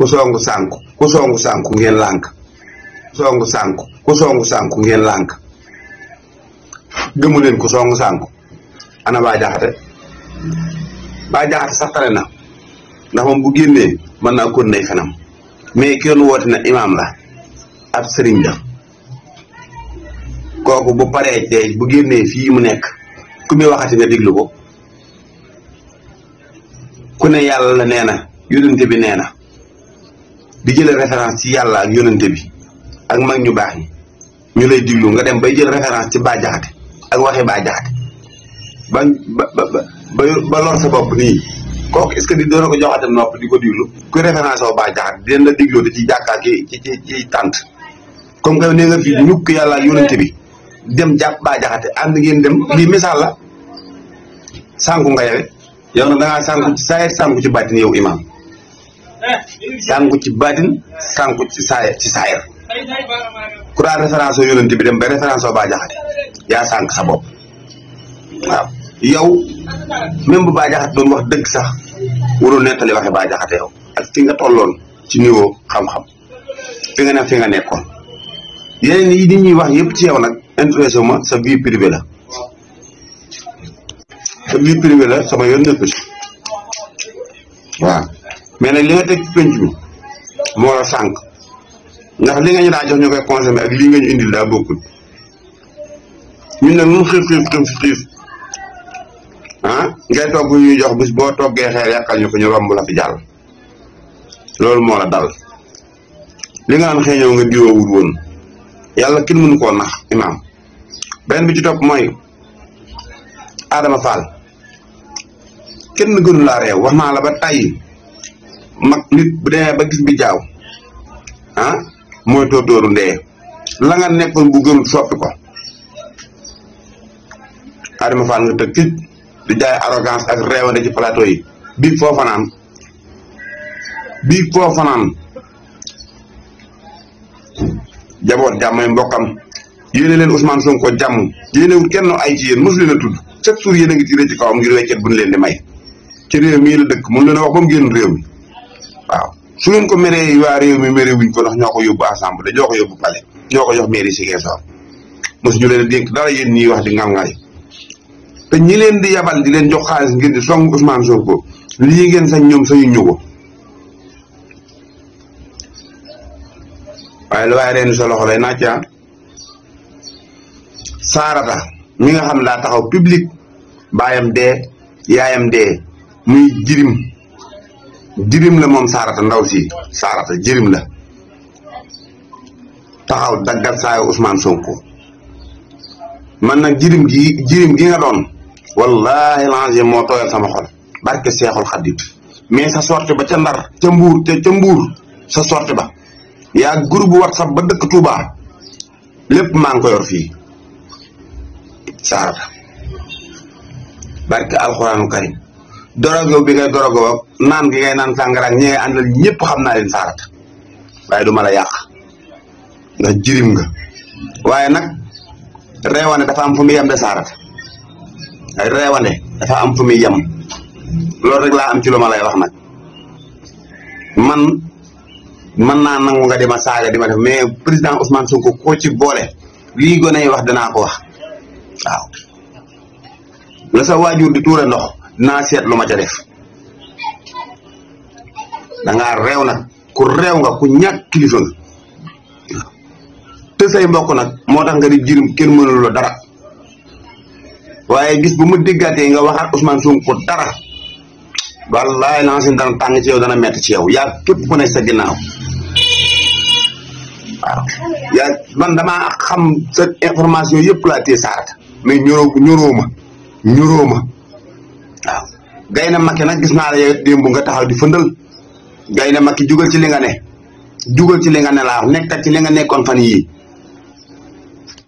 ku songu sànku ku songu sànku ngeen lànk songu sànku ku songu sànku ngeen lànk gëmu leen ku songu sànku ana baa jaxate baa jaxate sax na ndax moom bu génnee mën naa kon nay fenam mais kenn woote na imaam la ab sëriñ la kooku bu bu génnee fii mu nekk ku muy waxati nga déglu ko ku ne yàlla la nee na yonent bi nee na di jële référence ci yàlla ak yonente bi ak mag ñu baax ñi ñu lay diglu nga dem bay jël référence ci Bah Diakhaté ak waxi Bah ba ba ba ba lor sa bopp nii kooku est-ce que di doona ko joxatam nopp di ko diglu ku référence oo Bah Diakhaté la digloo di ci jàkkaar ci ci ci ci tànt comme que ñukk yàlla ak yonente bi dem jàpp Bah Diakhaté ànd ngeen dem lii misaal la sànku nga yawe yow nag da ngaa sànku ci saa yet sànku ci bàttin yow sànku ci baatin sànku ci saay ci saayir ku daan référence o yonent bi dem ba référence o Bah yaa sànk sa bopp waaw yow même bu Bah doon wax dëgg sax warul nettali waxe Bah Diakhaté yow ak fi nga tolloon ci niveau xam-xam fi nga nekkoon yeneen yi nit ñuy wax yëpp ci yow nag intéressé ma sa vie privée la sa vie privée la sama yoon nekku ci mais nag li nga teg penc mi moo sànq ndax li nga ñu daa jox ñu koy consommé ak lii nga ñu indil daa bokkul ñun nag ñun xiif xiif xiif ah ngay togg ñuy jox bis boo toggee xeer yàqal ñu ko ñu romb la fi jàll loolu moo la dal li nga naan xëy nga diwoowul woon yàlla kenn mënu koo nax imaam benn bi ci topp mooy Adama Fall kenn gënu laa réew wax naa la ba tay mag nit bu demee ba gis bi jaaw ah mooy tóortóoru ndee la nga nekkoon bu gënul soppi ko Adama Fall nga tëg kicc di jaay arrogance ak réewande ci plateau yi biig foo fanaan biig foo fanaan jaboot jàmmay mbokkam yéene leen Ousmane jam jàmm yéene wut kenn ay ci yéen mosu a tudd chaque jour yéen a ngi tiré ci ngir weccet bu ñu leen di may ci réew mii la dëkk mun leen a wax ba mu réew mi su ko meree waar réew mi mere ko ndax ñoo ko yóbbu assemblée ñoo ko yóbbu palais ñoo ko jox si Ziguinchor mosu ñu leen dénk dara yéen ñiy wax di ngaam ñi leen di yabal di leen jox xaalis ngir di song Ousmane Sonko lii ngeen sañ ñoom sañu ñu ko waaye lu reen sa loxo lay naajte ah. saarata mi nga xam daa taxaw public baayam dee yaayam dee muy jirim jirim la moom saarata ndaw si saarata jirim la taxaw daggal saayu Ousmane Sonko man na jirim gi jirim gi nga doon wallaahi lancé moo tooyal sama xol barke seexul xadim mais sa sorti ba ca ndar ca mbuur te ca mbuur sa sorti ba yaa groupe whatsapp ba dëkk Touba lépp maa ngi saarata barke alxuraanu karim dorogo bi ngay dorogo nan gi ngay nan sàngara ñe andal ñepp xamna len xam waye du la yàq ndax jirim nga waye nak rewane dafa am fu muy yem de ay rewane dafa am fu muy rek la am ci lu wax nak man man na nangu nga dima saga dima def mais president Ousmane Sonko ko ci bolé li gonay wax dana ko wax waaw la sa wajur di touré ndox naa seet lu ma ca def dangaa réew nag ku réew nga ku ñàkk kilifa nga waaw te say mbokk nag moo tax nga di jirim kenn mënul dara waaye gis bu mu diggaatee nga waxaat Ousmane Sonko dara wallaay lancin dana tàng ci yow dana metti ci yow yaa képp ku ne sa ginnaaw waaw yaa man damaa xam sa information yëpp laa téye saarata mais ñoroo ñoroo gaynde Macky nag gis naa la démb nga taxaw di fëndal gaynde Macky jugal ci li nga ne jugal ci li nga ne laa nekkat ci li nga nekkoon fan yii